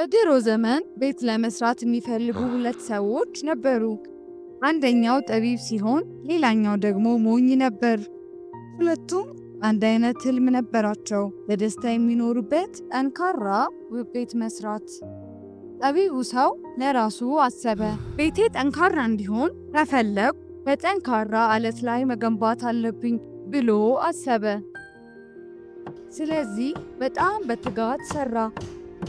በድሮ ዘመን ቤት ለመስራት የሚፈልጉ ሁለት ሰዎች ነበሩ። አንደኛው ጠቢብ ሲሆን ሌላኛው ደግሞ ሞኝ ነበር። ሁለቱም አንድ አይነት ህልም ነበራቸው፣ በደስታ የሚኖሩበት ጠንካራ ውብ ቤት መስራት። ጠቢቡ ሰው ለራሱ አሰበ። ቤቴ ጠንካራ እንዲሆን ከፈለግ በጠንካራ አለት ላይ መገንባት አለብኝ ብሎ አሰበ። ስለዚህ በጣም በትጋት ሰራ።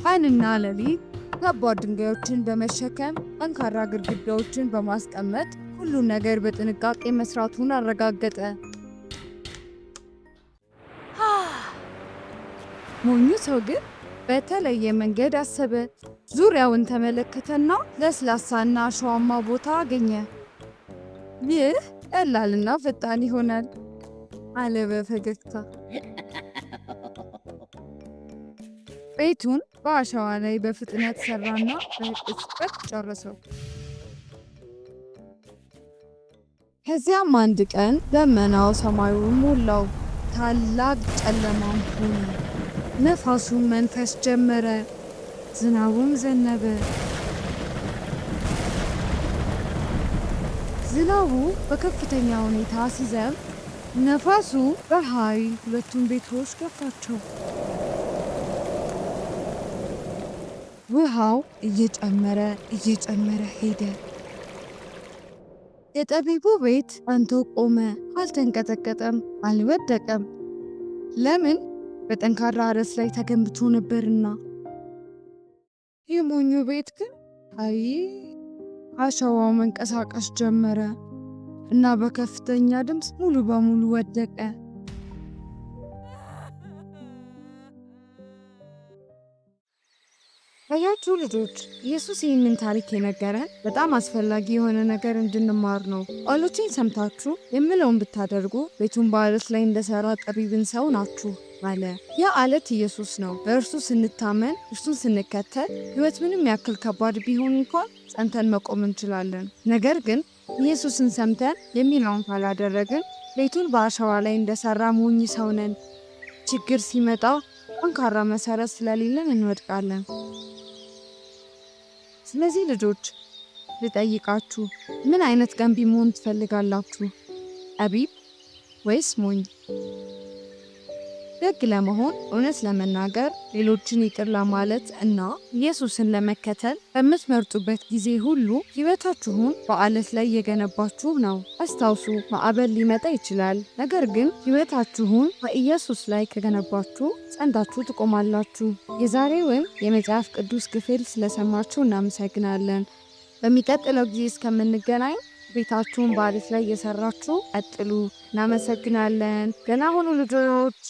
ቀንና ሌሊት ከባድ ድንጋዮችን በመሸከም ጠንካራ ግድግዳዎችን በማስቀመጥ ሁሉን ነገር በጥንቃቄ መስራቱን አረጋገጠ። ሞኙ ሰው ግን በተለየ መንገድ አሰበ። ዙሪያውን ተመለከተና ለስላሳና አሸዋማ ቦታ አገኘ። ይህ ቀላልና ፈጣን ይሆናል አለ በፈገግታ። ቤቱን በአሸዋ ላይ በፍጥነት ሰራና በቅጽበት ጨረሰው። ከዚያም አንድ ቀን ደመናው ሰማዩን ሞላው፣ ታላቅ ጨለማም ሆነ። ነፋሱም መንፈስ ጀመረ፣ ዝናቡም ዘነበ። ዝናቡ በከፍተኛ ሁኔታ ሲዘንብ ነፋሱ በኃይል ሁለቱን ቤቶች ገፋቸው። ውሃው እየጨመረ እየጨመረ ሄደ። የጠቢቡ ቤት አንቶ ቆመ። አልተንቀጠቀጠም፣ አልወደቀም። ለምን? በጠንካራ አረስ ላይ ተገንብቶ ነበርና። የሞኙ ቤት ግን አይ፣ አሸዋው መንቀሳቀስ ጀመረ እና በከፍተኛ ድምፅ ሙሉ በሙሉ ወደቀ። አያችሁ ልጆች፣ ኢየሱስ ይህንን ታሪክ የነገረን በጣም አስፈላጊ የሆነ ነገር እንድንማር ነው። ቃሎችን ሰምታችሁ የምለውን ብታደርጉ ቤቱን በአለት ላይ እንደሰራ ጠቢብን ሰው ናችሁ አለ። ያ አለት ኢየሱስ ነው። በእርሱ ስንታመን፣ እርሱን ስንከተል ህይወት ምንም ያክል ከባድ ቢሆን እንኳን ጸንተን መቆም እንችላለን። ነገር ግን ኢየሱስን ሰምተን የሚለውን ካላደረግን ቤቱን በአሸዋ ላይ እንደሰራ ሞኝ ሰው ነን። ችግር ሲመጣ ጠንካራ መሰረት ስለሌለን እንወድቃለን። ስለዚህ ልጆች ልጠይቃችሁ፣ ምን አይነት ገንቢ መሆን ትፈልጋላችሁ? ጠቢብ ወይስ ሞኝ? ደግ ለመሆን እውነት ለመናገር ሌሎችን ይቅር ለማለት እና ኢየሱስን ለመከተል በምትመርጡበት ጊዜ ሁሉ ሕይወታችሁን በአለት ላይ እየገነባችሁ ነው። አስታውሱ፣ ማዕበል ሊመጣ ይችላል፣ ነገር ግን ሕይወታችሁን በኢየሱስ ላይ ከገነባችሁ ጸንታችሁ ትቆማላችሁ። የዛሬውን የመጽሐፍ ቅዱስ ክፍል ስለሰማችሁ እናመሰግናለን። በሚቀጥለው ጊዜ እስከምንገናኝ ቤታችሁን በዓለት ላይ እየሰራችሁ ቀጥሉ። እናመሰግናለን። ገና ሁኑ ልጆች።